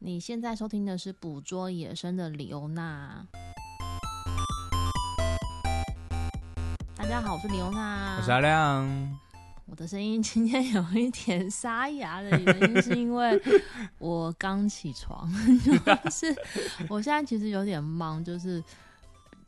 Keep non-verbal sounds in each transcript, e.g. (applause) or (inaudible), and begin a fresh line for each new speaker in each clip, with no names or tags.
你現在收聽的是《捕捉野生的李歐那》。大家好，我是李歐那，我是阿亮。我的聲音今天有一點沙啞的原因，是因為我剛起床， (laughs) 就是我現在其實有點懵，就是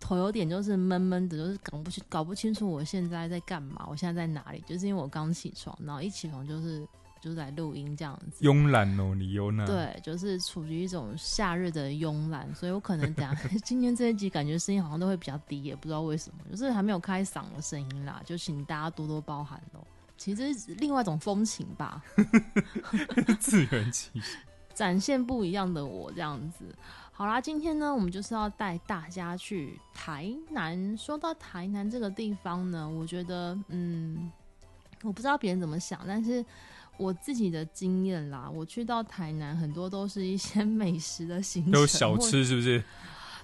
頭有點就是悶悶的，就是搞不清搞不清楚我現在在幹嘛，我現在在哪裡，就是因為我剛起床，然後一起床就是。就是在錄音這樣子，
慵懶哦，你慵懶。對，
就是處於一種夏日的慵懶，所以我可能講今天這一集感覺聲音好像都會比較低，也不知道為什麼，就是還沒有開嗓的聲音啦，就請大家多多包涵哦。其實另外一種風情吧，
自圓其說，
展現不一樣的我這樣子。好啦，今天呢，我們就是要帶大家去台南。說到台南這個地方呢，我覺得，嗯，我不知道別人怎麼想，但是。我自己的經驗啦，我去到台南，很多都是一些美食的行程，都是小吃是不是？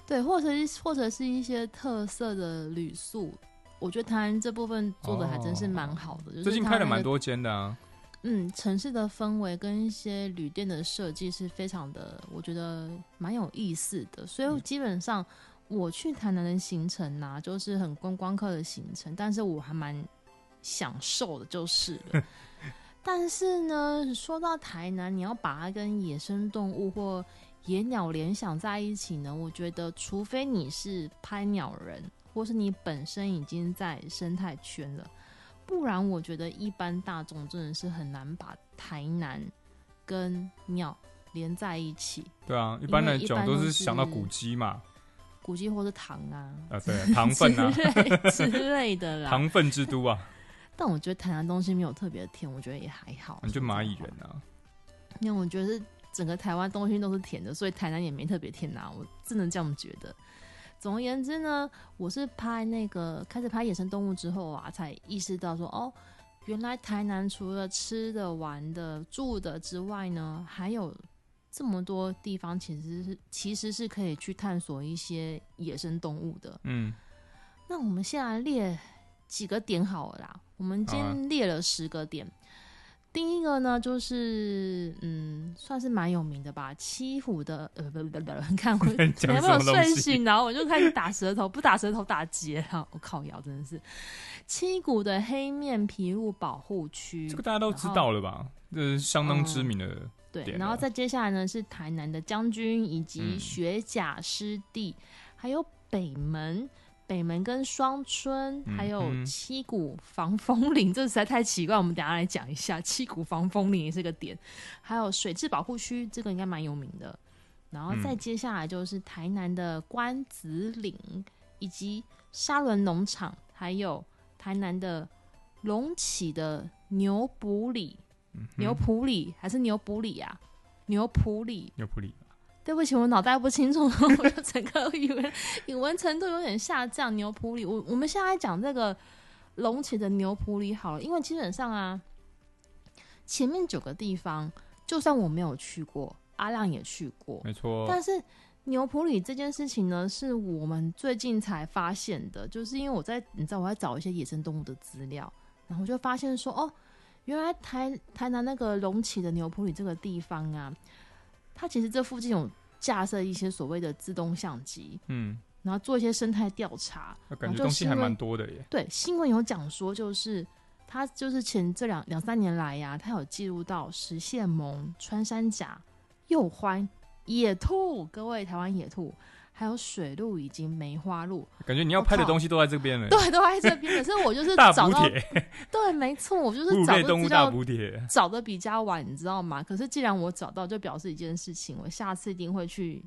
對，或者是或者是一些特色的旅宿，我覺得台南這部分做的還真是蠻好的。哦、最近開了蠻多
間的啊。
嗯，城市的氛圍跟一些旅店的設計是非常的，我覺得蠻有意思的。所以基本上、嗯、我去台南的行程吶、啊，就是很觀光、光客的行程，但是我還蠻享受的，就是了。 (laughs) 但是呢，說到台南，你要把它跟野生動物或野鳥聯想在一起呢，我覺得，除非你是拍鳥人，或是你本身已經在生態圈了，不然我覺得一般大眾真的是很難把台南跟鳥連在一起。對啊，一般來講都是想到古跡嘛，古跡或是糖啊，啊對啊，糖分啊 (laughs) 之類，之類的啦，糖
分之都啊。
但我覺得台南東西沒有特別甜，我覺得也還好。你
覺得螞蟻人呢、啊？
因為我覺得是整個台灣東西都是甜的，所以台南也沒特別甜吶、啊。我只能這樣覺得。總而言之呢，我是拍那個開始拍野生動物之後啊，才意識到說，哦，原來台南除了吃的、玩的、住的之外呢，還有這麼多地方其實是其實是可以去探索一些野生動物的。嗯，那我們現在列。幾個點好了啦，我們今天列了十個點。啊、第一個呢，就是嗯，算是蠻有名的吧，七股的呃不不不，看過？你講什麼東西？有沒有睡醒？然後我就開始打舌頭， (laughs) 不打舌頭打結我靠謠，瑤真的是七股的黑面琵鷺保護區，這個大家都知道了
吧？後這是相當知名的，嗯。
對，然後再接下來呢是台南的將軍以及學甲濕地，嗯、還有北門。北門、跟雙春，還有七股防風林，嗯、哼這實在太奇怪。我們等下來講一下七股防風林也是個點，還有水雉保護區，這個應該蠻有名的。然後再接下來就是台南的關子嶺，嗯、以及沙崙農場，還有台南的龍崎的牛埔里，嗯、哼牛埔里還是牛埔里啊？牛埔里。牛對不起，我腦袋不清楚，我就整個以為語文程度有點下降。牛埔里，我我們現在來講這個龍崎的牛埔里好了，因為基本上啊，前面九個地方就算我沒有去過，阿亮也去過，
沒錯哦。但是
牛埔里這件事情呢，是我們最近才發現的，就是因為我在你知道我在找一些野生動物的資料，然後就發現說哦，原來台台南那個龍崎的牛埔里這個地方啊。他其實這附近有架設一些所謂的自動相機，嗯，然後做一些生態調查，感覺東西還蠻
多的耶。對，
新聞有講說，就是他就是前這兩兩三年來呀、啊，他有記錄到食蟹獴、穿山甲、鼬獾、野兔，各位台灣野兔。還有水鹿，以及梅花鹿，
感覺你要拍的東西都在這邊了，欸喔。對，都在這
邊。可是我就是找到，大補 (laughs) 帖，對，沒錯，我就是找不到。鹿類動物大補帖，找得比較晚，你知道嗎？可是既然我找到，就表示一件事情，我下次一定會去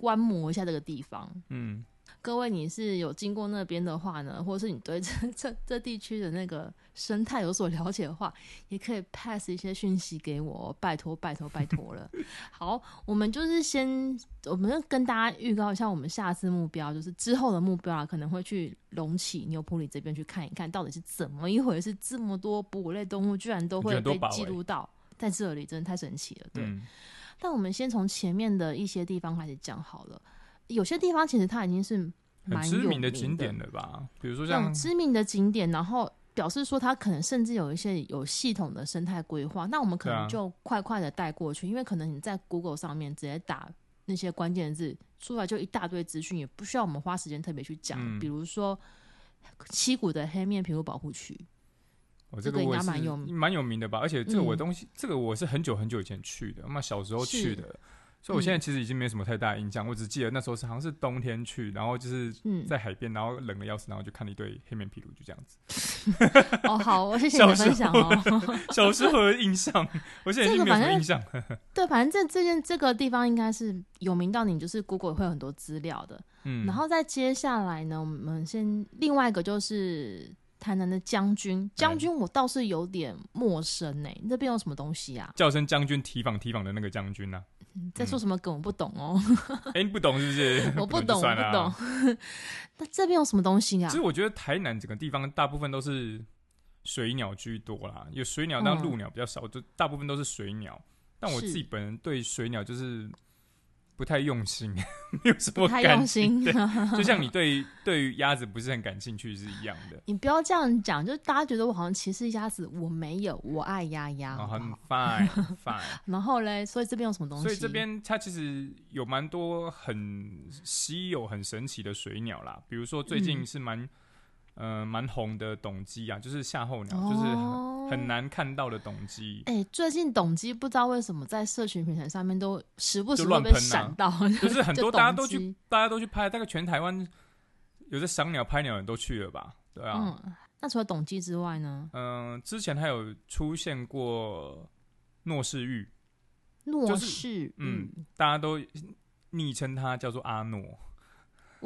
觀摩一下這個地方。嗯。各位，你是有經過那邊的話呢，或者是你對這這這地區的那個生態有所了解的話，也可以 pass 一些訊息給我，拜託拜託拜託了。 (laughs) 好，我們就是先，我們就跟大家預告一下，我們下次目標就是之後的目標啊，可能會去龍崎牛埔里，這邊去看一看到底是怎麼一回事，這麼多哺乳類動物居然都會被記錄到在這裡，真的太神奇了。對，嗯、但我們先從前面的一些地方開始講好了。有些地方其實它已經是蠻知名的景點
了吧？比如說像很知
名的景點，然後表示說它可能甚至有一些有系統的生態規劃，那我們可能就快快的帶過去，啊、因為可能你在 Google 上面直接打那些關鍵字出來，就一大堆資訊，也不需要我們花時間特別去講。嗯、比如說七股的黑面琵鷺保護區，我、哦、這個應該蠻
有蠻有名的吧？而且這個我東西，嗯、這個我是很久很久以前去的，那麼小時候去的。所以我現在其實已經沒什麼太大印象，嗯、我只記得那時候是好像是冬天去，然後就是在海邊，嗯、然後冷的要死，然後就看了一堆黑面琵鷺，就這樣子。嗯、
(laughs) 哦，好，我謝謝你的分享哦。小時候，小時候
的印象， (laughs) 我現在已經沒有什麼印象。
(laughs) 對，反正這這件這個地方應該是有名到你，就是 Google 會有很多資料的。嗯，然後再接下來呢，我們先另外一個就是台南的將軍，將軍我倒是有點陌生哎、欸，那邊、嗯、有什麼東西啊？
叫聲將軍提防提防的那個將軍呢、啊？
在說什麼梗我不懂哦、嗯，
哎、 (laughs) 欸，你不懂是不是？我不懂， (laughs) 不懂啊、我不懂。
(laughs) 那這邊有什麼東西啊？其實我
覺得台南整個地方大部分都是水鳥居多啦，有水鳥，當陸鳥比較少，嗯、就大部分都是水鳥。但我自己本人對水鳥就是。不太用心， (laughs) 沒有什麼太用心，對 (laughs) 就像你對對於鴨子不是很感興趣是一樣的。你
不要這樣講，就是大家覺得我好像歧視鴨子，我沒有，我愛鴨鴨，
很、oh, fine fine。
(laughs) 然後嘞，所以這邊有什麼東西？所以這邊
它其實有蠻多很稀有、很神奇的水鳥啦，比如說最近是蠻、嗯。呃，蠻紅的董雞啊，就是夏候鳥，哦、就是很，很難看到的董雞。
哎、欸，最近董雞不知道為什麼在社群平台上面都時不時亂噴到，就，啊、 (laughs) 就是很多大家，大家都去，
大家都去拍，大概全台灣有在賞鳥拍鳥人都去了吧？對啊。嗯、
那除了董雞之外呢？嗯、呃，
之前還有出現過諾氏鷸，
諾氏、就是、嗯，嗯
大家都昵稱他叫做阿諾。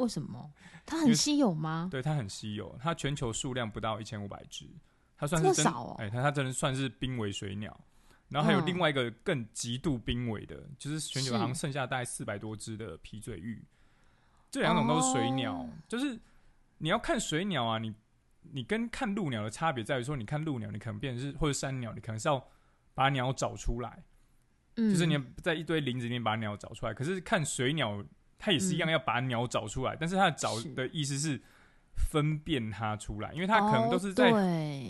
為什麼？它很稀有嗎？對，
它很稀有，它全球數量不到一千五百只，它算是真少哦。哎、欸，它它真的算是瀕危水鳥。然後還有另外一個更極度瀕危的，嗯、就是全球好像剩下大概四百多只的皮嘴鷸是這兩種都是水鳥，哦、就是你要看水鳥啊，你你跟看陸鳥的差別在於說，你看陸鳥，你可能變成是或者山鳥，你可能是要把鳥找出來，嗯，就是你在一堆林子裡面把鳥找出來。可是看水鳥。它也是一樣要把鳥找出來，嗯、但是它找的意思是分辨它出來，是因為它可能都是在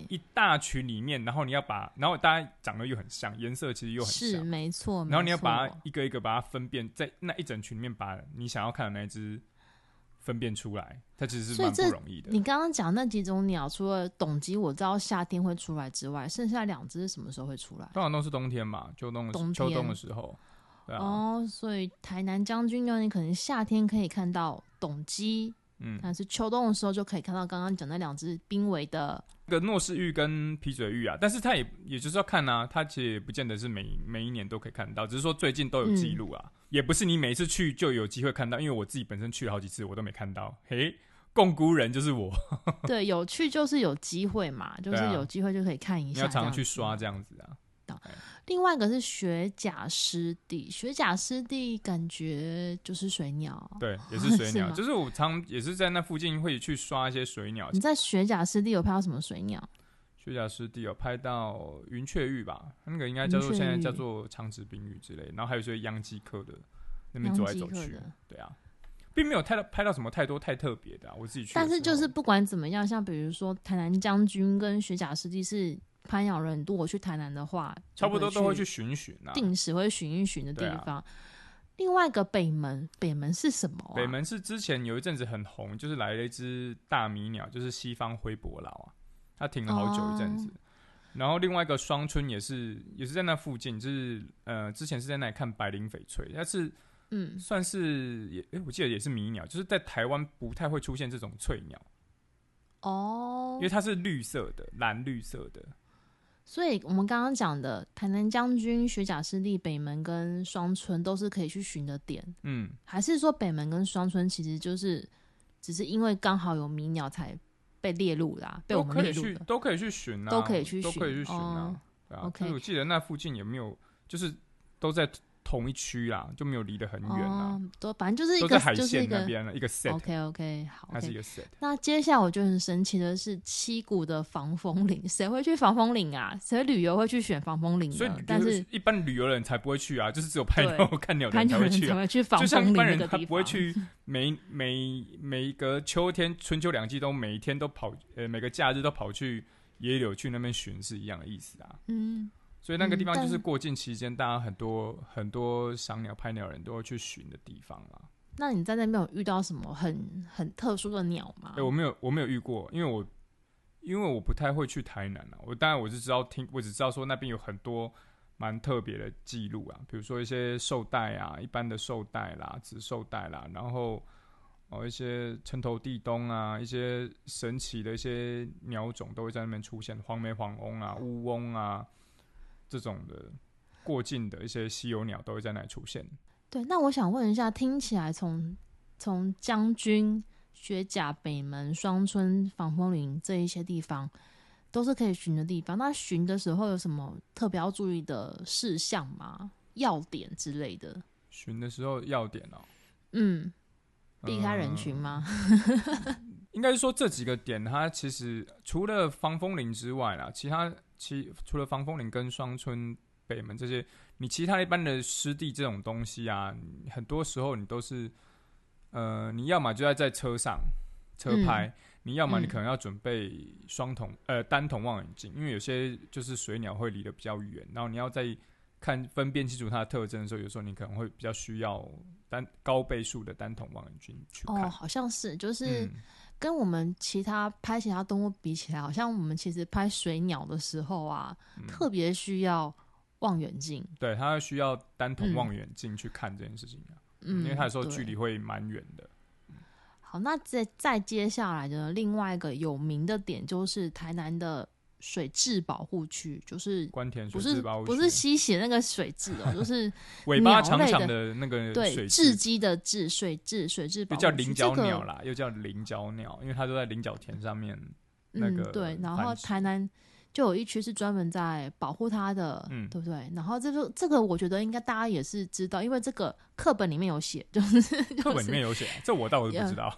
一大群裡面，哦、然後你要把，然後大家長得又很像，顏色其實又很像，
是沒錯。然後你要把它
一個一個把它分辨在那一整群裡面，把你想要看的那一隻分辨出來，它其實是蠻不容易的。你
剛剛講那幾種鳥，除了董雞我知道夏天會出來之外，剩下兩隻是什麼時候會出來？
通常都是冬天嘛，秋冬的，冬天秋冬的時候。啊、哦，
所以台南將軍呢，你可能夏天可以看到董雞，嗯，但是秋冬的時候就可以看到剛剛講那兩隻瀕危的
個諾氏鷸跟琵嘴鷸啊，但是它也也就是要看啊，它其實也不見得是每每一年都可以看到，只是說最近都有記錄啊，嗯、也不是你每一次去就有機會看到，因為我自己本身去了好幾次，我都沒看到。嘿，摃龜人就是我，呵呵
對，有去就是有機會嘛，就是有機會就可以看一下，啊，你要常常
去刷這樣子啊。
另外一個是學甲濕地，學甲濕地感覺就是水鳥，對，
也是水鳥，是嗎就是我常也是在那附近會去刷一些水鳥。你在
學甲濕地有拍到什麼水鳥？
學甲濕地有拍到雲雀鷸吧，那個應該叫做現在叫做長趾濱鷸之類，然後還有一些秧雞科的那邊走來走去，對啊，並沒有太到拍到什麼太多太特別的、啊，我自己去。但是就是
不管怎麼樣，像比如說台南將軍跟學甲濕地是。潘陽人，如果去台南的話，差不多都會去巡
巡啊，定時
會巡一巡的地方。巡巡啊啊、另外一個北門，北門是什麼、
啊？北門是之前有一陣子很紅，就是來了一隻大迷鳥，就是西方灰伯勞啊，它停了好久一陣子。Oh. 然後另外一個雙春也是，也是在那附近，就是呃，之前是在那裡看白領翡翠，它是嗯，算是也，哎，我記得也是迷鳥，就是在台灣不太會出現這種翠鳥
哦，oh. 因為它是
綠色的，藍綠色的。
所以，我們剛剛講的台南將軍、學甲濕地、北門跟雙春都是可以去巡的點。嗯，還是說北門跟雙春其實就是只是因為剛好有迷鳥才被列入啦、啊，被我們列入都可以去、啊，都可以
去巡，都可以去，都可以去巡啊。OK，我記得那附近有沒有，就是都在。同一區啦，就沒有離得很遠啦。都反正就是一個，海線那邊了一個，okay, okay, okay. 一個 set。OK OK 好，那是一個 set。
那接下來我就很神奇的是，七股的防風林，誰會去防風林啊？誰旅遊會去選防風林？所以，但是
一般旅遊人才不會去啊，嗯、就是只有拍照看鳥的人才會去、啊。就像一般人他不會去每每每個秋天春秋兩季都每一天都跑呃每個假日都跑去野柳去那邊巡視一樣的意思啊。嗯。所以那個地方就是過境期間，嗯、大家很多很多賞鳥、拍鳥人都會去尋的地方。那
你在那邊有遇到什麼很、很特殊的鳥嗎？欸，我沒
有，我沒有遇過，因為我因為我不太會去台南啊。我當然我是知道聽，我只知道說那邊有很多蠻特別的記錄啊，比如說一些綬帶啊，一般的綬帶啦、紫綬帶啦，然後哦一些橙頭地鶇啊，一些神奇的一些鳥種都會在那邊出現，黃眉黃鶲啊、烏鶲啊。這種的過境的一些稀有鳥都會在那裡出現。
對，那我想問一下，聽起來從從將軍、學甲、北門、雙春、防風林這一些地方都是可以尋的地方。那尋的時候有什麼特別要注意的事項嗎？要點之類的？
尋的時候要點哦、喔，
嗯，避開人群嗎？
呃、 (laughs) 應該是說這幾個點，它其實除了防風林之外啦，其他。其除了防風林跟雙春、北門這些，你其他一般的濕地這種東西啊，很多時候你都是，呃，你要麼就要在，在車上車拍，嗯、你要麼你可能要準備雙筒、嗯、呃單筒望遠鏡，因為有些就是水鳥會離得比較遠，然後你要再看分辨清楚它的特徵的時候，有時候你可能會比較需要單高倍數的單筒望遠鏡
去看哦，好像是就是、嗯。跟我們其他，拍其他動物比起來，好像我們其實拍水鳥的時候啊，嗯、特別需要望遠鏡。
對，他需要單筒望遠鏡去看這件事情、啊、嗯，
因為他有時候距離會
蠻遠的、嗯。
好，那再再接下來的另外一個有名的點，就是台南的。水雉保護區就是，是官
田水雉保護區，不是
吸血那個水蛭哦，喔， (laughs) 就是 (laughs) 尾巴長長的那個水雉雞的雉水雉水雉保又叫菱角鳥
啦，這個、又叫菱角鳥，因為它都在菱角田上面那個。嗯，對。然後
台南就有一區是專門在保護它的，嗯，對不對？然後這就、個、這個，我覺得應該大家也是知道，因為這個課本裡面有寫，就是課本裡
面有寫，就是、 (laughs) 這我倒是不知道。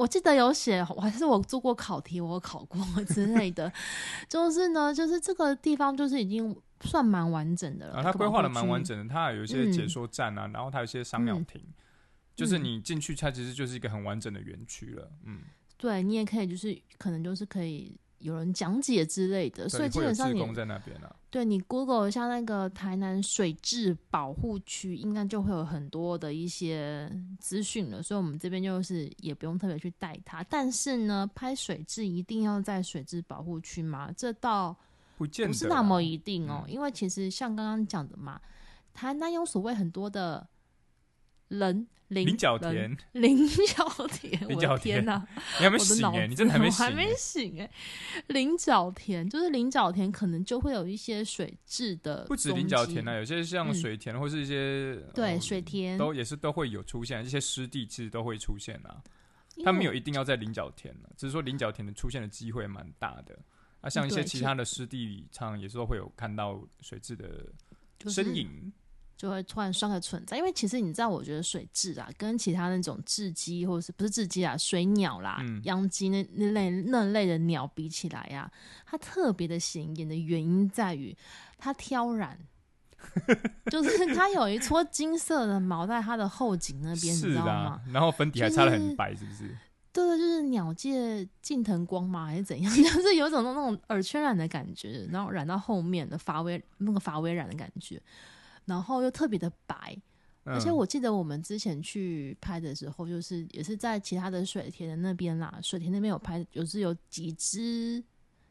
我記得有寫，我還是我做過考題，我考過之類的， (laughs) 就是呢，就是這個地方就是已經算蠻完整的了。它規劃的蠻完整
的，它、嗯、有一些解說站啊，然後它有一些賞鳥亭，
嗯、就是你
進去，它其實就是一個很完整的園區了。嗯，
對，你也可以，就是可能就是可以。有人講解之類的，對所以基本上
你、啊、
對你 Google 一下那個台南水雉保護區，應該就會有很多的一些資訊了。所以，我們這邊就是也不用特別去帶它。但是呢，拍水雉一定要在水雉保護區嗎？這倒
不是那麼
一定哦，嗯、因為其實像剛剛講的嘛，台南有所謂很多的人。菱角田、菱角田，我的天哪！你還沒醒哎？你真的還沒醒？我還沒醒哎！菱角田就是菱角田，可能就會有一些水雉的。不止菱角田啊，有些
像水田或是一些
對水田都
也是都會有出現一些濕地，其實都會出現啊。它沒有一定要在菱角田呢，只是說菱角田的出現的機會蠻大的。那像一些其他的濕地裡，唱也是都會有看到水雉的
身影。就會突然雙個存在，因為其實你知道，我覺得水雉啊，跟其他那種雉雞或者是不是雉雞啊，水鳥啦、秧雞那那類那類的鳥比起來呀、啊，它特別的顯眼的原因在於它挑染， (laughs) 就是它有一撮金色的毛在它的後頸那邊，是啦你知道嗎？
然後粉底還擦的很白，是不是？就
是，對對，就是鳥界近藤光嘛，還是怎樣？就是有種那種耳圈染的感覺，然後染到後面的髮尾，那個髮尾染的感覺。然後又特別的白，而且我記得我們之前去拍的時候，就是也是在其他的水田的那邊啦，水田那邊有拍，有、就是有幾隻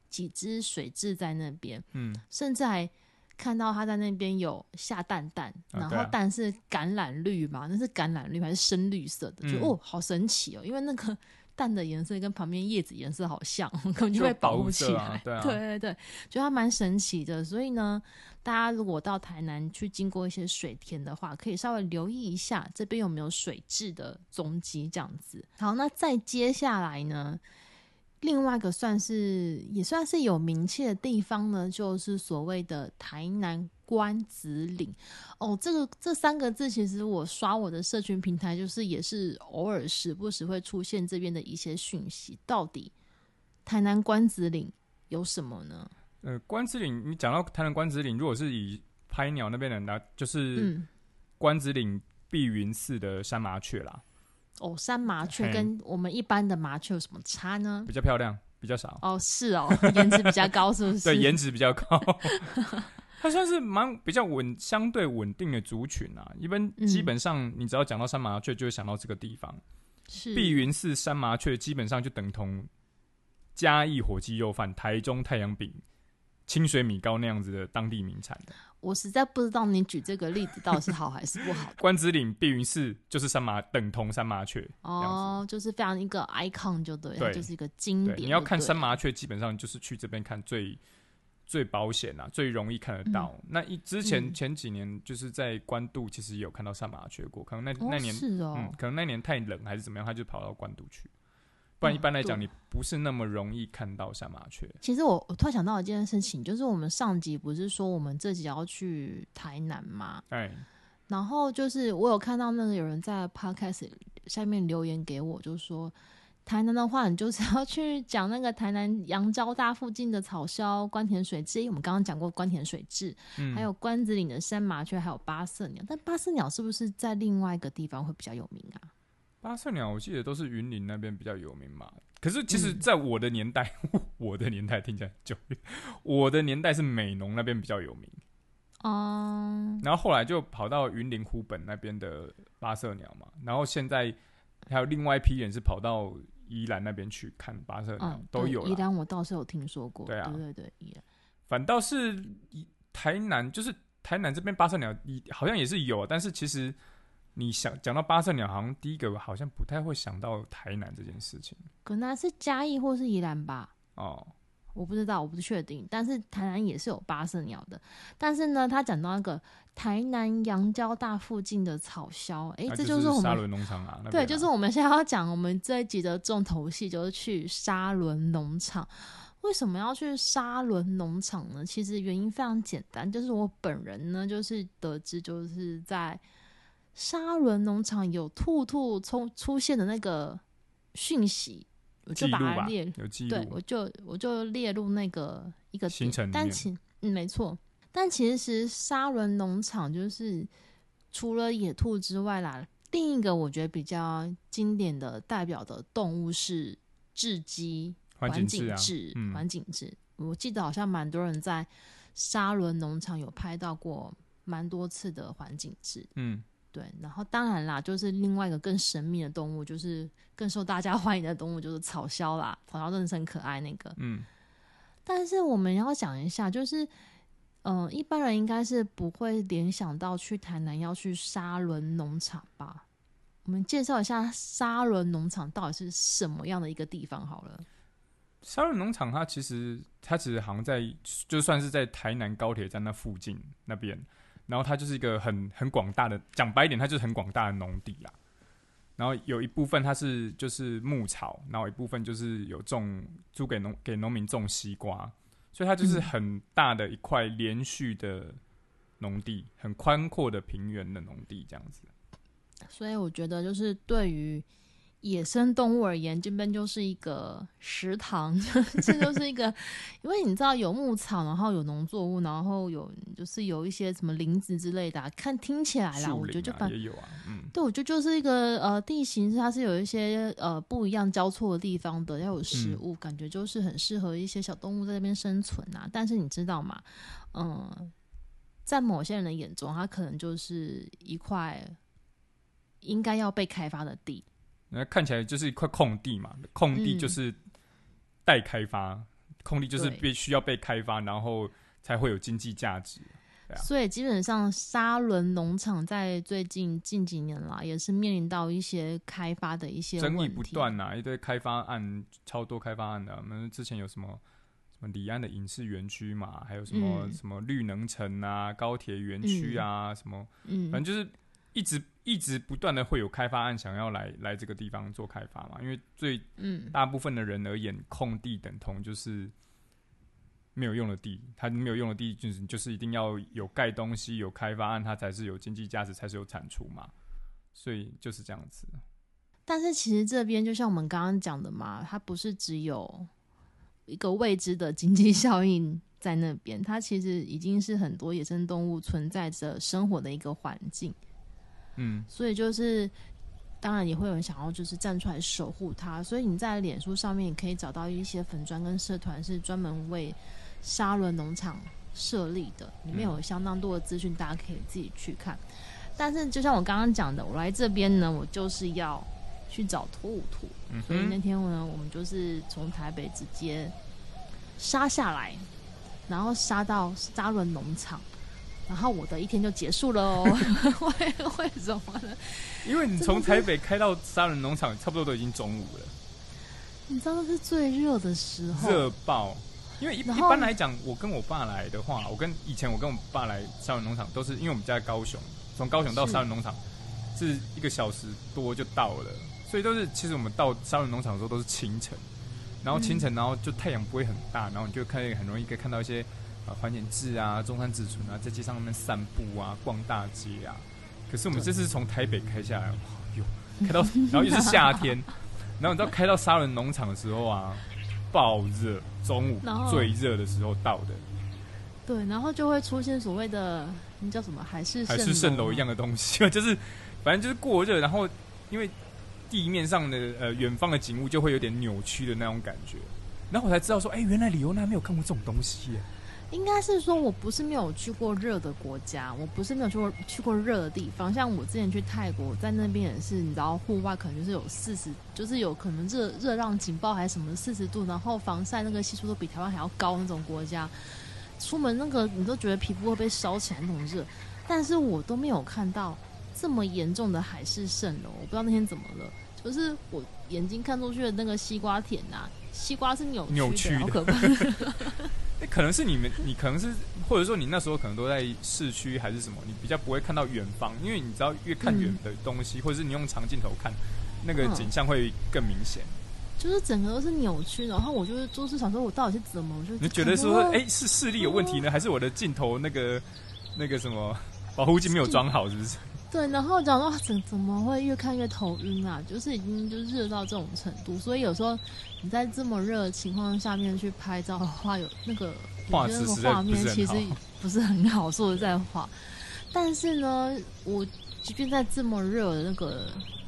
幾隻水雉在那邊，嗯，甚至還看到他在那邊有下蛋蛋，然後蛋是橄欖綠嘛，哦啊、那是橄欖綠還是深綠色的，就哦，好神奇哦，因為那個。蛋的顏色跟旁邊葉子顏色好像，可 (laughs) 能就會保護起來。啊對，啊、對對對，覺得它蠻神奇的。所以呢，大家如果到台南去經過一些水田的話，可以稍微留意一下這邊有沒有水雉的蹤跡這樣子。好，那再接下來呢，另外一個算是也算是有名氣的地方呢，就是所謂的台南。關子嶺哦，這個這三個字其實我刷我的社群平台，就是也是偶爾時不時會出現這邊的一些訊息。到底台南關子嶺有什麼呢？呃，
關子嶺，你講到台南關子嶺，如果是以拍鳥那邊來的，就是關子嶺碧雲寺的山麻雀啦、嗯。
哦，山麻雀跟我們一般的麻雀有什麼差呢？嗯，比較
漂亮，比較少。哦，
是哦，顏值比較高，是不是？ (laughs) 對，顏值比較高。
(laughs) 它算是蠻比較穩，相對穩定的族群啊。一般基本上，你只要講到山麻雀，就會想到這個地方。是、嗯、碧雲寺山麻雀，基本上就等同嘉義火雞肉飯、台中太陽餅、清水米糕那樣子的當地名產的。
我實在不知道你舉這個例子到底是好還是不好。
(laughs) 關子嶺碧雲寺就是山麻，等同山麻雀。
哦，就是非常一個 icon，就對，對就是一個經典。你要看山
麻雀，基本上就是去這邊看最。最保險啊，最容易看得到。嗯、那一之前、嗯、前幾年，就是在關渡，其實有看到山麻雀過。可能那、哦、那年，是哦、嗯，可能那年太冷還是怎麼樣，他就跑到關渡去。不然一般來講，嗯、你不是那麼容易看到山麻雀。
其實我我突然想到一件事情，就是我們上集不是說我們這集要去台南嗎？哎、然後就是我有看到那個有人在 Podcast 下面留言給我，就是說。台南的話，你就是要去講那個台南陽交大附近的草鴞、官田水雉，我們剛剛講過官田水雉，嗯、還有關子嶺的山麻雀，還有八色鳥。但八色鳥是不是在另外一個地方會比較有名啊？
八色鳥，我記得都是雲林那邊比較有名嘛。可是其實，在我的年代，嗯、 (laughs) 我的年代聽起來很舊。我的年代是美濃那邊比較有名哦。嗯、然後後來就跑到雲林湖本那邊的八色鳥嘛。然後現在還有另外一批人是跑到。宜蘭那邊去看八色鳥、嗯、都有了。宜
蘭我倒是有聽說過。對啊，對對對，
宜蘭。反倒是台南，就是台南這邊八色鳥，好像也是有。但是其實你想講到八色鳥，好像第一個好像不太會想到台南這件事情。
可能是嘉義或是宜蘭吧。哦，我不知道，我不確定。但是台南也是有八色鳥的。但是呢，他講到那個。台南洋交大附近的草鴞，哎，這就是我們，
對，就是我
們現在要講我們這一集的重頭戲，就是去沙崙農場。為什麼要去沙崙農場呢？其實原因非常簡單，就是我本人呢，就是得知就是在沙崙農場有兔兔出出現的那個訊息，我就把它列，對，我就我就列入那個一個單嗯，沒錯。但其實沙崙農場就是除了野兔之外啦，另一個我覺得比較經典的代表的動物是雉雞，環頸雉、啊，環、嗯、境雉。我記得好像蠻多人在沙崙農場有拍到過蠻多次的環頸雉。嗯，對。然後當然啦，就是另外一個更神秘的動物，就是更受大家歡迎的動物，就是草鴞啦，草鴞真的很可愛那個。嗯。但是我們要講一下，就是。嗯，一般人應該是不會聯想到去台南要去沙崙農場吧？我們介紹一下沙崙農場到底是什麼樣的一個地方好了。
沙崙農場它其實它其實好像在，就算是在台南高鐵站那附近那邊，然後它就是一個很很廣大的，講白一點，它就是很廣大的農地啦。然後有一部分它是就是牧草，然後一部分就是有種租給農給農民種西瓜。所以它就是很大的一塊連續的農地，很寬闊的平原的農地這樣子。
所以我覺得就是對於。野生動物而言，這邊就是一個食堂， (laughs) 這就是一個， (laughs) 因為你知道有牧草，然後有農作物，然後有就是有一些什麼林子之類的、啊，看聽起來啦，啊、我覺得就把也有啊，嗯，對，我覺得就是一個呃地形，它是有一些呃不一樣交錯的地方的，要有食物，嗯、感覺就是很適合一些小動物在那邊生存吶、啊。但是你知道嗎？嗯，在某些人的眼中，它可能就是一塊應該要被開發的地。
那看起來就是一塊空地嘛，空地就是待開發，嗯、空地就是必須要被開發，對然後才會有經濟價值。對啊，所
以基本上沙崙農場在最近近幾年啦，也是面臨到一些開發的一些爭議不
斷啦、啊，一堆開發案超多開發案的。我們之前有什麼什麼李安的影視園區嘛，還有什麼、嗯、什麼綠能城啊、高鐵園區啊，嗯、什麼嗯，反正就是。一直一直不斷的會有開發案想要來來這個地方做開發嘛？因為最嗯大部分的人而言，空地等同就是沒有用的地，他沒有用的地就是就是一定要有蓋東西、有開發案，它才是有經濟價值、才是有產出嘛。所以就是這樣子。
但是其實這邊就像我們剛剛講的嘛，它不是只有一個未知的經濟效應在那邊，它其實已經是很多野生動物存在着生活的一個環境。嗯，所以就是，當然也會有人想要就是站出來守護他，所以你在臉書上面也可以找到一些粉專跟社團是專門為沙崙農場設立的，裡面有相當多的資訊，嗯、大家可以自己去看。但是就像我剛剛講的，我來這邊呢，我就是要去找兔兔，嗯、哼所以那天呢，我們就是從台北直接殺下來，然後殺到沙崙農場。然後我的一天就結束了哦，為為什麼呢？因為你從台北
開到沙崙農場，差不多都已經中午了。
你知道那是最熱的時候，熱
爆。
因為一一般來
講，我跟我爸來的話，我跟以前我跟我爸來沙崙農場，都是因為我們家在高雄，從高雄到沙崙農場是一個小時多就到了。所以都是其實我們到沙崙農場的時候都是清晨，然後清晨，然後就太陽不會很大，然後你就可以很容易可以看到一些。環景致啊，中山子孫啊，在街上那邊散步啊，逛大街啊。可是我們這次從台北開下來，喲，開到然後又是夏天， (laughs) 然後你知道開到沙人農場的時候啊，爆熱，中午最熱的時候到的。
對，然後就會出現所謂的那叫什麼海市海市蜃樓一
樣的東西，就是反正就是過熱，然後因為地面上的呃遠方的景物就會有點扭曲的那種感覺。然後我才知道說，哎、欸，原來李由娜沒有看過這種東西、啊
應該是說，我不是沒有去過熱的國家，我不是沒有去過去過熱的地方。像我之前去泰國，在那邊也是，你知道，戶外可能就是有四十，就是有可能熱，熱浪警報還是什麼四十度，然後防曬那個係數都比台灣還要高那種國家。出門那個，你都覺得皮膚會被燒起來那種熱，但是我都沒有看到這麼嚴重的海市蜃樓。我不知道那天怎麼了，就是我眼睛看出去的那個西瓜田啊，西瓜是扭曲的扭曲的，好可怕。 (laughs)
哎，可能是你們，你可能是，或者說你那時候可能都在市區還是什麼，你比較不會看到遠方，因為你知道越看遠的東西，嗯、或者是你用長鏡頭看，那個景象會更明顯。
就是整個都是扭曲，然後我就是就是想說，我到底是怎麼，我就你覺得說，說，哎，
是視力有問題呢，還是我的鏡頭那個那個什麼保護鏡沒有裝好，是不是？是
對，然後講到，怎怎麼會越看越頭暈啊？就是已經就是熱到這種程度，所以有時候你在這麼熱的情況下面去拍照的話，有那個我覺得那個畫面其實不是很好，說實在話。但是呢，我即便在這麼熱的那個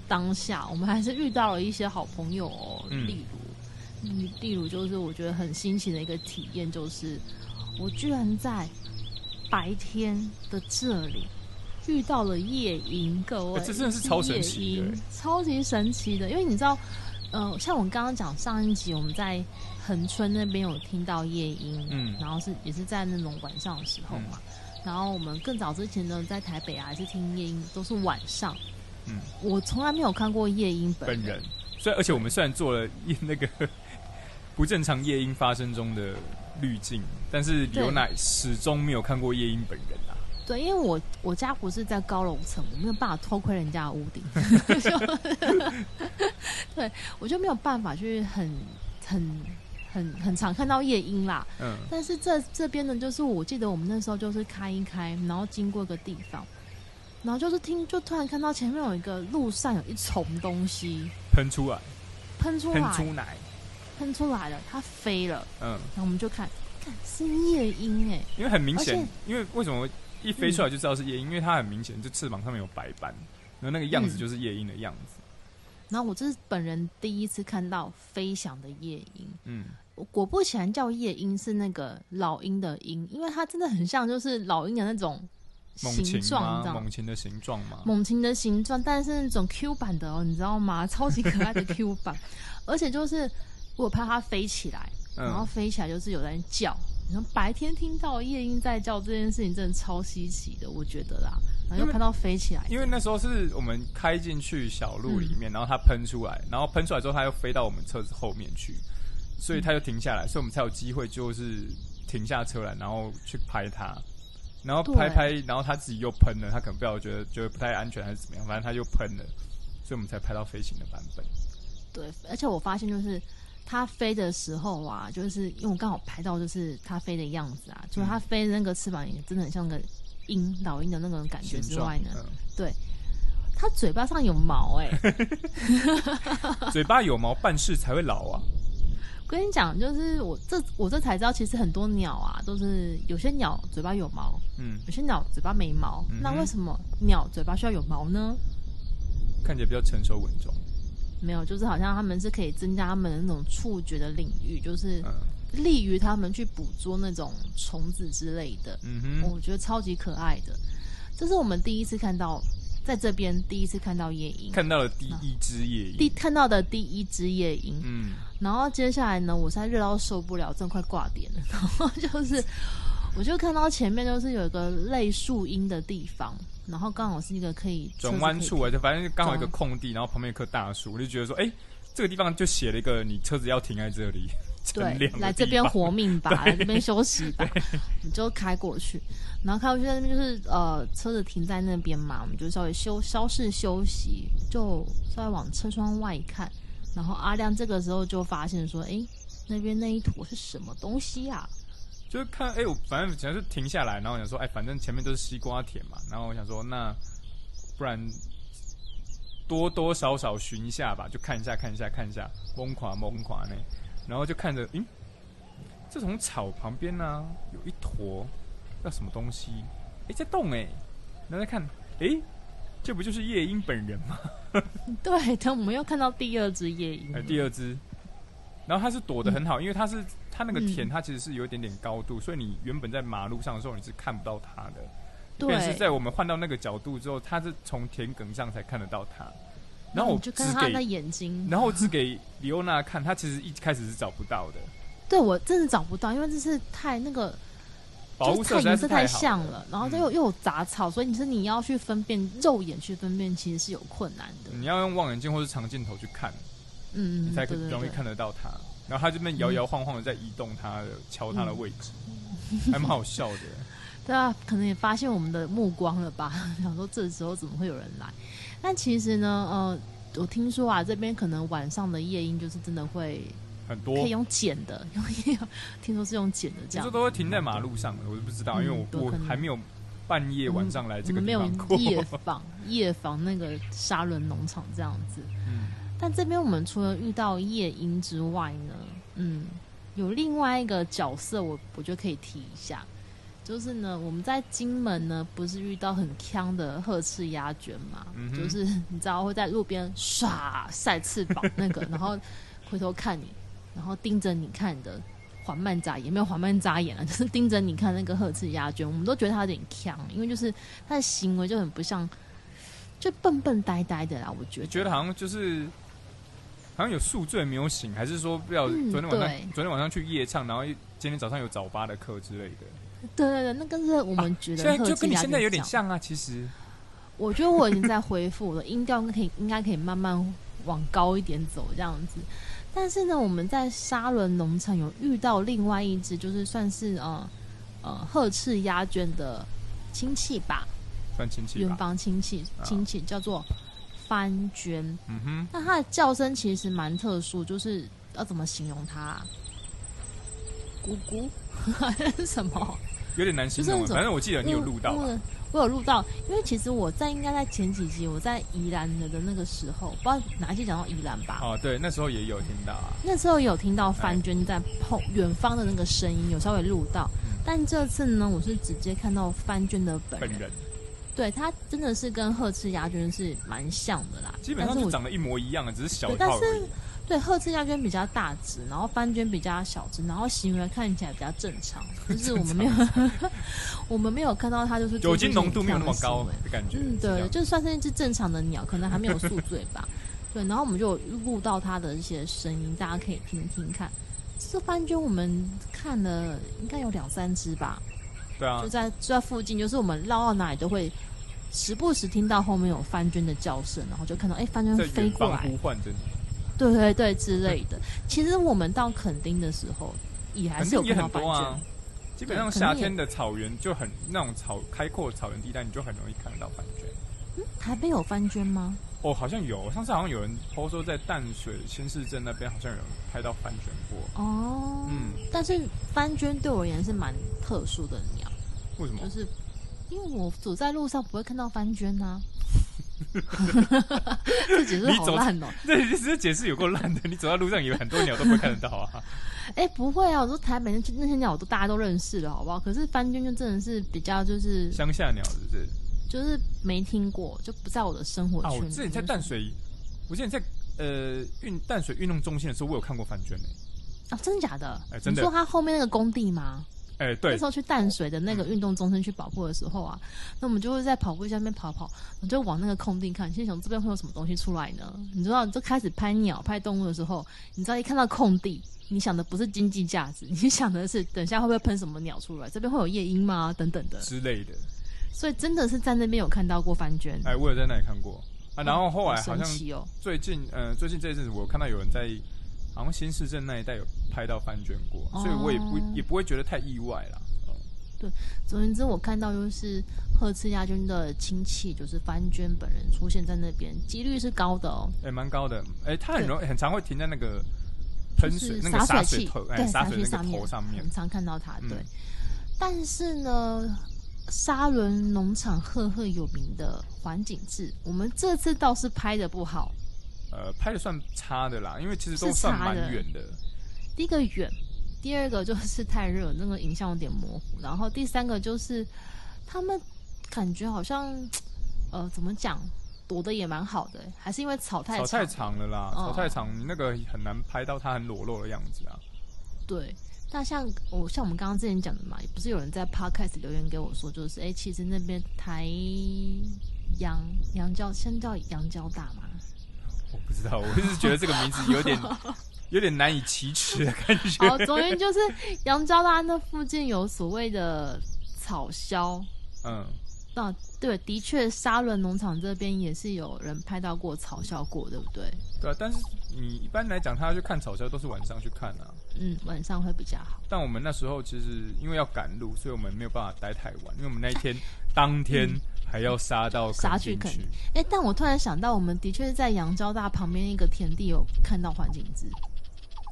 當下，我們還是遇到了一些好朋友哦。嗯、例如，例如就是我覺得很新奇的一個體驗，就是我居然在白天的這裡。遇到了夜鷹，各位、欸，這真的是超神奇， (noise) 對超級神奇的，因為你知道，嗯、呃，像我們剛剛講上一集，我們在恆春那邊有聽到夜鷹，嗯，然後是也是在那種晚上的時候嘛，嗯、然後我們更早之前呢，在台北啊，還是聽夜鷹都是晚上，嗯，我從來沒有看過夜鷹本人，
所以而且我們雖然做了那個對 (laughs) 不正常夜鷹發聲中的濾鏡，但是劉乃對始終沒有看過夜鷹本人。
對，因為我我家不是在高樓層，我沒有辦法偷窺人家的屋頂。 (laughs) 就 (laughs) 對，我就沒有辦法去很很很很常看到夜鷹啦。嗯。但是這這邊呢，就是我記得我們那時候就是開一開，然後經過一個地方，然後就是聽，就突然看到前面有一個路上有一重東西噴出來，噴出來，噴出來了，它飛了。嗯。然後我們就看，看是夜鷹，哎、欸，因為很明顯，
且因為為什麼？一飛出來就知道是夜鷹。嗯、因為它很明顯，就翅膀上面有白斑，然後那個樣子就是夜鷹的樣子。
嗯、然後我這是本人第一次看到飛翔的夜鷹。嗯，我果不其然，叫夜鷹是那個老鷹的鷹，因為它真的很像就是老鷹的那種形狀，你知道嗎？猛
禽的形狀嘛，
猛禽的形狀，但是那種 Q 版的哦、喔，你知道嗎？超級可愛的 Q 版， (laughs) 而且就是我怕它飛起來，然後飛起來就是有在叫。嗯然後白天聽到夜鷹在叫這件事情真的超稀奇的，我覺得啦。然後又看到飛起來
因，因為那時候是我們開進去小路裡面，嗯、然後它噴出來，然後噴出來之後它又飛到我們車子後面去，所以它又停下來，嗯、所以我們才有機會就是停下車來，然後去拍它，然後拍拍，對然後它自己又噴了，它可能不知道我覺得就覺得不太安全還是怎麼樣，反正它又噴了，所以我們才拍到飛行的版本。
對，而且我發現就是。它飛的時候啊，就是因為我剛好拍到，就是它飛的樣子啊，除了、嗯、它飛的那個翅膀也真的很像個鷹、老鷹的那種感覺之外呢，嗯、對，它嘴巴上有毛哎、欸，
(laughs) (laughs) 嘴巴有毛辦事才會老啊。我
跟你講，就是我這我這才知道，其實很多鳥啊，都是有些鳥嘴巴有毛，嗯，有些鳥嘴巴沒毛，嗯、哼那為什麼鳥嘴巴需要有毛呢？
看起來比較成熟穩重。
沒有，就是好像他們是可以增加他們那種觸覺的領域，就是利於他們去捕捉那種蟲子之類的。嗯哼，我覺得超級可愛的，這是我們第一次看到，在這邊第一次看到夜鷹，看
到了第一隻夜鷹，第、啊、看
到的第一隻夜鷹。嗯，然後接下來呢，我現在熱到受不了，正快掛點了，然後就是。 (laughs) 我就看到前面就是有一個類樹蔭的地方，然後剛好是一個可以轉彎處啊，就
反正剛好有一個空地，樣然後旁邊有棵大樹，我就覺得說，哎、欸，這個地方就寫了一個你車子要停在這裡，對,來這邊活命吧，對來這邊休息吧，
對你就開過去，然後開過去在那邊就是呃車子停在那邊嘛，我們就稍微休稍事休、休息，就稍微往車窗外看，然後阿亮這個時候就發現說，哎、欸，那邊那一坨是什麼東西呀、啊？
就是看，哎、欸，我反正只要是停下來，然後我想說，哎、欸，反正前面都是西瓜田嘛，然後我想說，那不然多多少少尋一下吧，就看一下，看一下，看一下，懵垮，懵垮呢，然後就看着，嗯、欸，這叢草旁邊呢、啊，有一坨，叫什麼東西？哎、欸，在動哎、欸，然後再看，哎、欸，這不就是夜鷹本人嗎？
(laughs) 對，但我們又看到第二只夜鷹，哎，第
二只，然後它是躲得很好，嗯、因為它是。它那個田，它其實是有一點點高度，嗯、所以你原本在馬路上的時候，你是看不到它的，但是對在我們換到那個角度之後，它是從田埂上才看得到它。然後我就看他的眼睛，然後只給李歐那看，他其實一開始是找不到的。
對，我真的找不到，因為這是太那個，
就是太顏色太像了，然後又
又有雜草，所以你說你要去分辨，肉眼去分辨其實是有困難
的。你要用望遠鏡或是長鏡頭去看，嗯，你才容易看得到它。對對對對。然後他這邊搖搖晃晃的在移動，他的、嗯、敲他的位置，嗯、還蠻好笑的。
對 (laughs) 啊，可能也發現我們的目光了吧？想說這時候怎麼會有人來？但其實呢，呃，我聽說啊，這邊可能晚上的夜鷹就是真的會很多，可以用撿的用夜，聽說是用撿的這樣子。聽
說都會停在馬路上，嗯、我都不知道，嗯、因為我我還沒有半夜晚上來這個地方過、嗯、沒有夜訪
(laughs) 夜訪那個沙崙農場這樣子。但這邊我們除了遇到夜鷹之外呢，嗯，有另外一個角色我、我我覺得可以提一下，就是呢，我們在金門呢，不是遇到很強的褐翅鴉鵑嘛，嗯、哼就是你知道會在路邊刷曬翅膀那個，然後回頭看你， (laughs) 然後盯着你看你的緩慢眨眼，沒有緩慢眨眼了，就是盯着你看那個褐翅鴉鵑，我們都覺得他有點強，因為就是他的行為就很不像，就笨笨呆呆，呆的啦，我覺得覺
得好像就是。好像有宿醉沒有醒，還是說不要？昨天晚上，嗯、昨天晚上去夜唱，然後今天早上有早八的課之類的。
對對對，那跟、個、着我們覺得現在、啊、就跟你現在有點像啊。其實，我覺得我已經在恢復了， (laughs) 音調可以應該可以慢慢往高一點走這樣子。但是呢，我們在沙崙農場有遇到另外一隻，就是算是呃呃褐翅鴉鵑的親戚吧，
算親戚吧，遠房
親戚、啊、親戚叫做。番鵑，嗯哼。那它的叫聲其實蠻特殊，就是要怎麼形容它、啊？咕咕？還 (laughs) 是什麼？
有點難形容。反正我記得你有錄到我
我。我有錄到，因為其實我在應該在前幾集，我在宜蘭的的那個時候，不知道哪一期講到宜蘭吧？
哦，對，那時候也有聽到啊。
那時候有聽到番鵑在碰遠方的那個聲音，有稍微錄到。嗯、但這次呢，我是直接看到番鵑的本人。本人對它真的是跟褐翅鴉鵑是蠻像的啦，基本上是長得一
模一樣，的，只是小、啊對。但是
對褐翅鴉鵑比較大隻，然後番鵑比較小隻，然後行為看起來比較正常，就是我們沒有常 (laughs) 我們沒有看到它就是酒精濃度沒有那麼高的
為感覺，嗯、對，
是就算是一隻正常的鳥，可能還沒有宿醉吧。 (laughs) 對，然後我們就錄到它的一些聲音，大家可以聽聽看。這番鵑我們看了應該有兩三隻吧。對啊，就在就在附近，就是我們繞到哪裡都會，時不時聽到後面有番鵑的叫聲，然後就看到哎番鵑飛過來，嗯、對對對之類的。嗯、其實我們到墾丁的時候也還是有看到番鵑，墾丁也很
多啊，基本上夏天的草原就很、嗯、那種草開闊草原地帶，你就很容易看得到番鵑。嗯，
台北有番鵑嗎？
哦，好像有，上次好像有人拋說在淡水新市鎮那邊好像有人拍到番鵑過
哦，嗯，但是番鵑對我而言是蠻特殊的鳥。為什麼？就是因為我走在路上不會看到番鵑吶。哈哈，這
解釋好爛哦。這解釋有夠爛的。 (laughs) 你走在路上有很多鳥都不會看得到啊。哎、
欸，不會啊！我說台北那些鳥都大家都認識了，好不好？可是番鵑就真的是比較就是
鄉下鳥，是不是？
就是沒聽過，就不在我的生活圈。啊、我之前在淡
水，我之前在呃運淡水運動中心的時候，我有看過番鵑、欸、
啊，真的假的？哎、欸，真的。你說它後面那個工地嗎？哎、欸，對，那時候去淡水的那個運動中心去跑步的時候啊，嗯、那我們就會在跑步下面跑跑，就往那個空地看，心想這邊會有什麼東西出來呢？你知道，就開始拍鳥、拍動物的時候，你知道一看到空地，你想的不是經濟價值，你想的是等下會不會噴什麼鳥出來？這邊會有夜鷹嗎？等等的之類的。所以真的是在那邊有看到過番鵑。
哎，我有在那裡看過啊。然後後來好像最近，呃，最近這一陣子我有看到有人在。好像新市鎮那一帶有拍到番鵑過，所以我也不、哦、也不會覺得太意外啦。哦、
對，總之，我看到就是褐翅鴉鵑的親戚，就是番鵑本人出現在那邊，機率是高的哦。
哎、欸，蠻高的。哎、欸，他很容易對很常會停在那個噴水那個灑水頭，對，灑水上面，
常看到他。對，嗯、但是呢，沙崙農場赫赫有名的環境質，我們這次倒是拍得不好。
呃，拍的算差的啦，因為其實都算蠻遠的，
的。第一個遠，第二個就是太熱，那個影像有點模糊。然後第三個就是他們感覺好像，呃，怎麼講，躲得也蠻好的。欸，還是因為草太長。草太
長了啦，草太長，那個很難拍到他很裸露的樣子
啊。哦、對，那像我、哦、像我們剛剛之前講的嘛，也不是有人在 podcast 留言給我說，就是哎、欸，其實那邊台陽陽交先叫陽交大嘛。我不知道，我就是覺得這個名字有點
(laughs) 有點難以啟齒的感覺。哦，總之就是
楊家灣那附近有所謂的草鴞，嗯，那、啊、對，的確沙崙農場這邊也是有人拍到過草鴞過，對不對？
對、啊，但是你一般來講，他要去看草鴞都是晚上去看
啊。嗯，晚上會比較好。
但我們那時候其實因為要趕路，所以我們沒有辦法待太晚，因為我們那一天。 (laughs) 當天還要殺到殺去、嗯、去肯
哎、欸,但我突然想到，我們的確是在陽交大旁邊一個田地有看到環頸雉。
啊，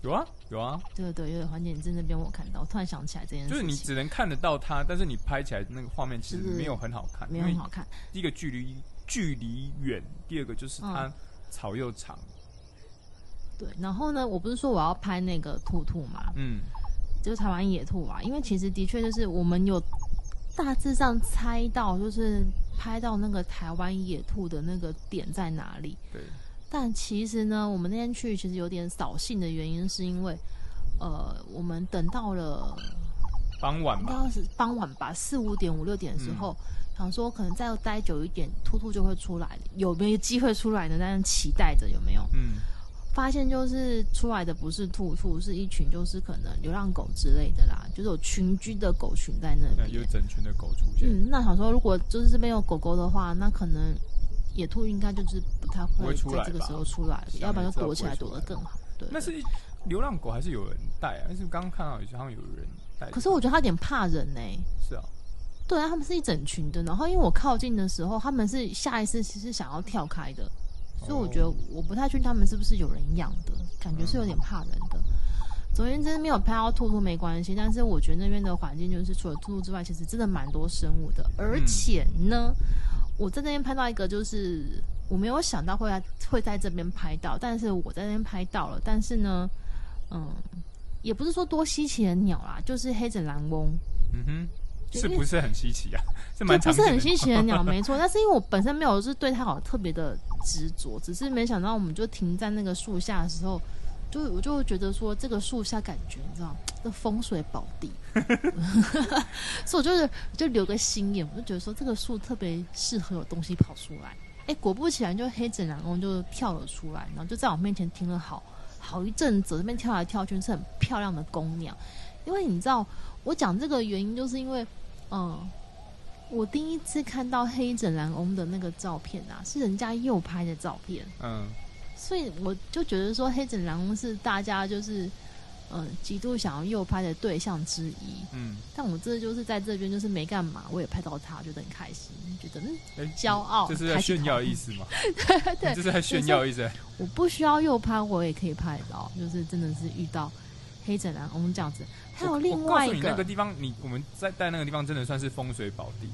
有啊有啊，
對，對對，有環頸雉那邊我看到，我突然想起來這件事。就是你只
能看得到它，但是你拍起來那個畫面其實沒有很好看，沒有很好看。第一個距離距離遠，第二個就是它草又長。嗯。
對，然後呢，我不是說我要拍那個兔兔嘛，嗯，就是台灣野兔啊，因為其實的確就是我們有。大致上猜到，就是拍到那個台灣野兔的那個點在哪裡。對。但其實呢，我們那天去其實有點掃興的原因，是因為，呃，我們等到了
傍晚吧，應該
是傍晚吧，四五點、五六點的時候，嗯、想說可能再待久一點，兔兔就會出來，有沒有機會出來呢？但是期待着有沒有？嗯。發現就是出來的不是兔兔，是一群就是可能流浪狗之類的啦，就是有群居的狗群在那裡，嗯，
有整群的狗
出現。嗯，那想說如果就是這邊有狗狗的話，那可能野兔應該就是不太會在這個時候出來，不出來要不然就躲起來躲得更
好。對，那是流浪狗還是有人帶啊？但是剛剛看到好像有人帶，可是我覺得它有點怕人哎、欸。是
啊，對啊，他們是一整群的，然後因為我靠近的時候，他們是下意識其實想要跳開的。所以我覺得我不太確定他們是不是有人養的，感覺是有點怕人的。總而言之，沒有拍到兔兔沒關係。但是我覺得那邊的環境就是除了兔兔之外，其實真的蠻多生物的。而且呢，嗯、我在那邊拍到一個，就是我沒有想到會在會在這邊拍到，但是我在那邊拍到了。但是呢，嗯，也不是說多稀奇的鳥啦，就是黑枕藍鶲。嗯哼。
是不是很稀奇啊？是蠻常見的，這不是很稀奇的鳥，沒錯。
但是因為我本身沒有是對它好像特別的執着，只是沒想到我們就停在那個樹下的時候，就我就會覺得說這個樹下感覺你知道，這風水寶地， (laughs) (laughs) 所以我就是就留個心眼，我就覺得說這個樹特別適合有東西跑出來。哎、欸，果不其然，就黑枕藍鶲就跳了出來，然後就在我面前停了好好一陣子，這邊跳來跳去是很漂亮的公鳥。因為你知道，我講這個原因就是因為。嗯，我第一次看到黑枕藍翁的那個照片啊，是人家右拍的照片。嗯，所以我就覺得說黑枕藍翁是大家就是嗯極度想要右拍的對象之一。嗯，但我這就是在這邊就是沒幹嘛，我也拍到他，我覺得很開心，覺得嗯很驕傲，這是在炫耀意思嗎？對 (laughs) 對， (laughs) 這是在炫耀意思、 (laughs) 就是。我不需要右拍，我也可以拍得到，就是真的是遇到黑枕藍翁這樣子。我，我告訴你，那個
地方，你我們在在那個地方真的算是風水寶地。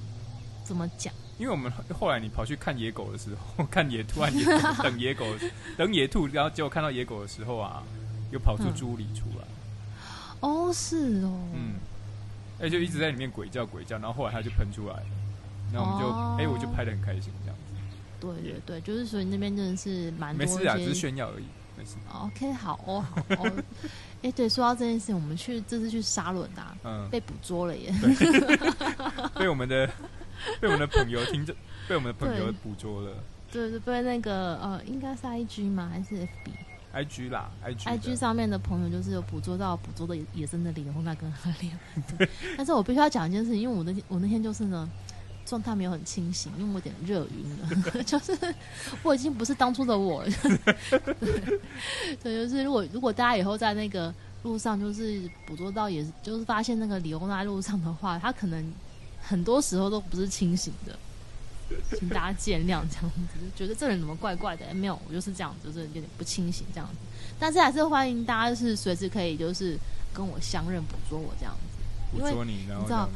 怎麼講？
因為我們後來你跑去看野狗的時候，呵呵看野兔啊、野兔 (laughs) 等野狗等野兔，然後結果看到野狗的時候啊，又跑出豬里出來。
哦，是哦。嗯。哎、oh, 喔
嗯欸，就一直在裡面鬼叫鬼叫，然後後來它就噴出來了，然後我們就哎、oh 欸，我就拍得很開心這樣子。
對對對，就是所以那邊真的是蠻多。沒事啊，只是炫耀而已，沒事。OK，好，哦，好哦。 (laughs) 哎、欸，對，說到這件事情，我們去這次去沙崙吶，嗯，被捕捉了耶！對 (laughs) 被
我們的 (laughs) 被我們的朋友聽着， (laughs) 被我們的朋友捕捉了。
對對對，那個呃，應該是 IG 嗎？還是
FB？IG 啦，IG。IG 上
面的朋友就是有捕捉到捕捉，到捕捉的野生的李歐那跟合麗。對但是我必須要講一件事情，因為我那天我那天就是呢，狀態沒有很清醒，因為我有點熱暈了。 (laughs) 就是我已經不是當初的我了。就是、對，對，就是如果如果大家以後在那個路上，就是捕捉到也，也就是發現那個李歐娜在路上的話，他可能很多時候都不是清醒的，請大家見諒。這樣子覺得這人怎麼怪怪的、欸，沒有，我就是這樣，就是有點不清醒這樣子。但是還是歡迎大家就是隨時可以就是跟我相認捕捉我這樣子，因
為你，捕捉你知道？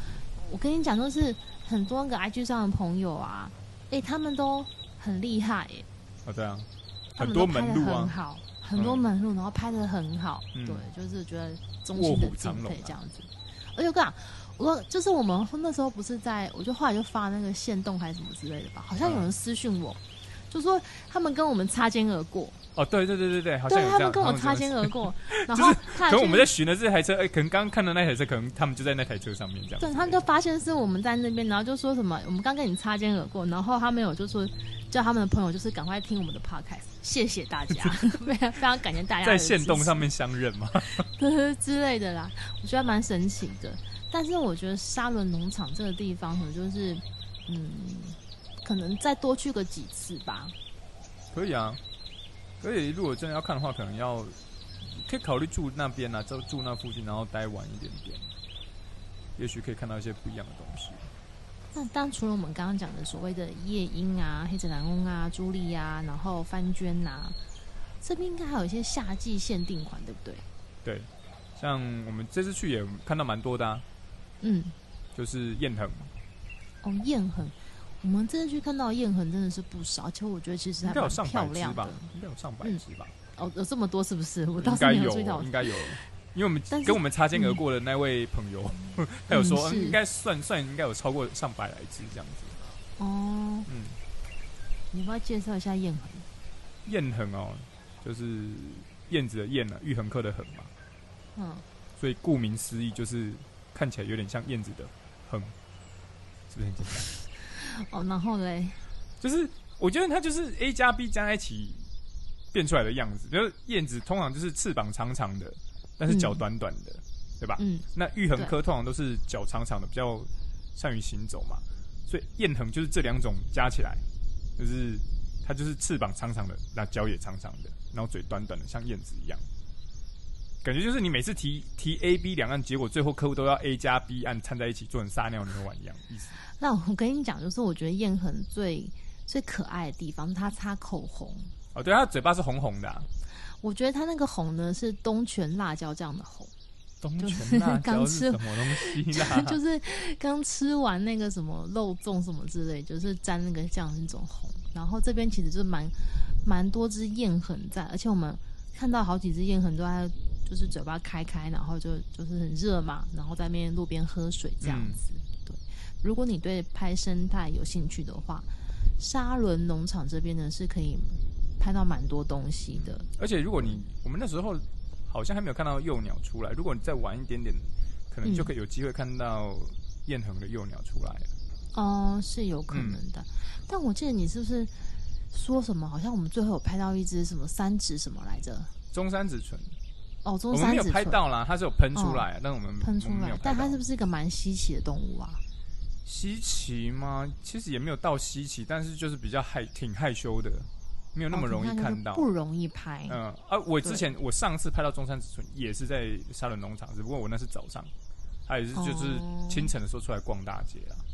我跟你講，就是。很多那個 IG 上的朋友啊，哎、欸，他們都很厲害哎、欸。
啊、哦，對啊。很多門路啊。很好，
很多門路，然後拍的很好。嗯。對，就是覺得衷心的敬佩這樣子。啊、而且，我跟你講，我就是我們那時候不是在，我就後來就發那個限動，還是什麼之類的吧，好像有人私訊我，嗯、就說他們跟我們擦肩而過。
哦，對對對對對，好像有他們跟我擦肩
而過，然後、就是、可能我們在
尋的這台車，哎、欸，可能剛剛看到那台車，可能他們就在那台車上面這樣。對，他
們就發現是我們在那邊，然後就說什麼，我們剛跟你擦肩而過，然後他們有就說叫他們的朋友就是趕快聽我們的 podcast，謝謝大家，非常感謝大家。在限動上
面相認嗎？
之類的啦，我覺得蠻神奇的。但是我覺得沙崙農場這個地方，可能就是嗯，可能再多去個幾次吧。
可以啊。所以，如果真的要看的話，可能要可以考慮住那邊啊，就住那附近，然後待晚一點點，也許可以看到一些不一樣的東西。那，
當然除了我們剛剛講的所謂的夜鷹啊、黑枕藍鶲啊、朱鸝啊，然後番鵑啊，這邊應該還有一些夏季限定款，對不對？
對，像我們這次去也看到蠻多的啊。嗯。就是燕鴴。
哦，燕鴴。我們真的去看到燕鴴真的是不少，而且我覺得其實它還蠻漂亮的。應該有上百隻吧？應該有上百隻吧、嗯？哦，有這麼多是不是？我倒是沒有注意到。應該有，
因為我們是跟我們擦肩而過的那位朋友，他、嗯、 (laughs) 有說、嗯、應該算算應該有超過上百來隻這樣子。哦，嗯，你
幫我介紹一下燕鴴。
燕鴴哦，就是燕子的燕啊，鷸鴴科的鴴嘛。嗯。所以顧名思義就是看起來有點像燕子的鴴，是不是很簡單？ (laughs)
哦，oh, 然後嘞，就是我覺得它就是 A 加 B 加在
一起變出來的樣子。就是燕子通常就是翅膀長長的，但是腳短短的，嗯、對吧？嗯，那鷸鴴科通常都是腳長長的，比較善於行走嘛。對所以燕鴴就是這兩種加起來，就是它就是翅膀長長的，那腳也長長的，然後嘴短短的，像燕子一樣。感覺就是你每次提提 A B、B 兩案，結果最後客戶都要 A 加 B 案摻在一起，做成撒尿牛丸一樣意思。
那我跟你講，就是我覺得燕鴴最最可愛的地方，它擦口紅
哦，對，他嘴巴是紅紅的啊。
我覺得他那個紅呢，是東泉辣椒這樣的紅。
東泉辣椒是什麼東西呢？ (laughs) 就是
剛吃完那個什麼肉粽什麼之類，就是沾那個醬那種紅。然後這邊其實就是蠻蠻多隻燕鴴在，而且我們看到好幾隻燕鴴都還。就是嘴巴開開，然後就就是很熱嘛，然後在那邊路邊喝水這樣子。嗯、對，如果你對拍生態有興趣的話，沙崙農場這邊呢是可以拍到蠻多東西的、嗯。
而且如果你我們那時候好像還沒有看到幼鳥出來，如果你再晚一點點，可能就可以有機會看到燕鴴的幼鳥出來
了。哦、嗯呃，是有可能的。嗯、但我記得你是不是說什麼？好像我們最後有拍到一只什麼三趾什麼來着？棕三趾鶉。哦，棕三趾鶉我們沒有拍到啦。
它是有噴出、哦、出來，但我們噴出來，但
它是不是一個蠻稀奇的動物啊？稀
奇嗎？其實也沒有到稀奇，但是就是比較害，挺害羞的，
沒有那麼容易看到，哦、不容易拍。嗯，啊，我之前
對我上次拍到棕三趾鶉也是在沙倫農場，只不過我那是早上，他也是就是清晨的時候出來逛大街啊、哦。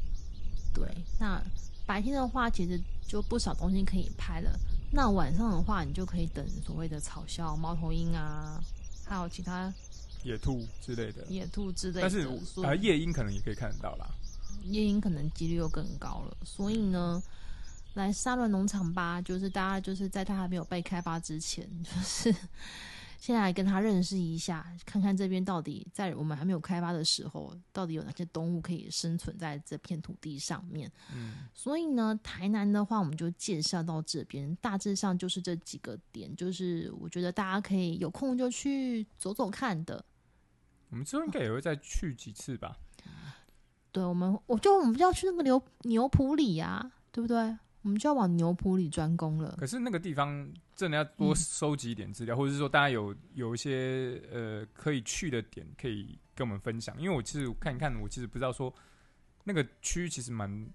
對，那白天的話，其實就不少東西可以拍了。那晚上的話，你就可以等所謂的草鴞、貓頭鷹啊。還有其他
野兔之類的，野
兔之類的，但是而、呃、夜
鷹可能也可以看得到啦。
夜鷹可能幾率又更高了，所以呢，來沙崙農場吧，就是大家就是在它還沒有被開發之前，就是。現在跟他認識一下，看看這邊到底在我們還沒有開發的時候，到底有哪些動物可以生存在這片土地上面。嗯，所以呢，台南的話，我們就介紹到這邊，大致上就是這幾個點，就是我覺得大家可以有空就去走走看的。
我們之後應該也會再去幾次吧。哦、
對，我們，我就我們就要去那個牛牛埔裡呀、啊，對不對？我們就要往牛埔裡專攻了。
可是那個地方。真的要多收集一點資料，嗯、或者是說大家有有一些呃可以去的點，可以跟我們分享。因為我其實看一看，我其實不知道說那個區域其實蠻，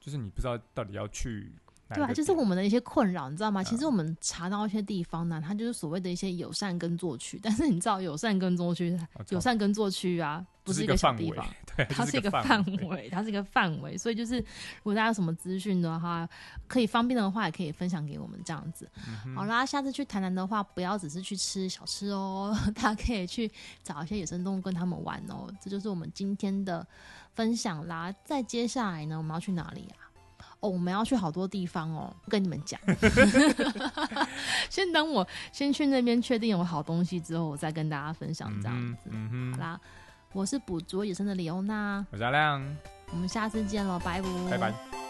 就是你不知道到底要去哪個，對啊，就是
我們的一些困擾，你知道嗎？啊、其實我們查到一些地方呢、啊，它就是所謂的一些友善耕作區，但是你知道友善耕作區，友、哦、善耕作區啊。不是一個小地方，是對，它是一個範圍，它是一個範圍， (laughs) 所以就是如果大家有什麼資訊的話，可以方便的話也可以分享給我們這樣子。嗯、哼好啦，下次去台南的話，不要只是去吃小吃哦，、喔，大家可以去找一些野生動物跟他們玩哦，、喔。這就是我們今天的分享啦。再接下來呢，我們要去哪裡啊？哦，、喔，我們要去好多地方哦，、喔，不跟你們講。 (laughs) (laughs) 先等我先去那邊確定有好東西之後，我再跟大家分享這樣
子。嗯、哼好啦。
我是捕捉野生的李歐那，我是阿亮，我們下次見嘍，拜拜。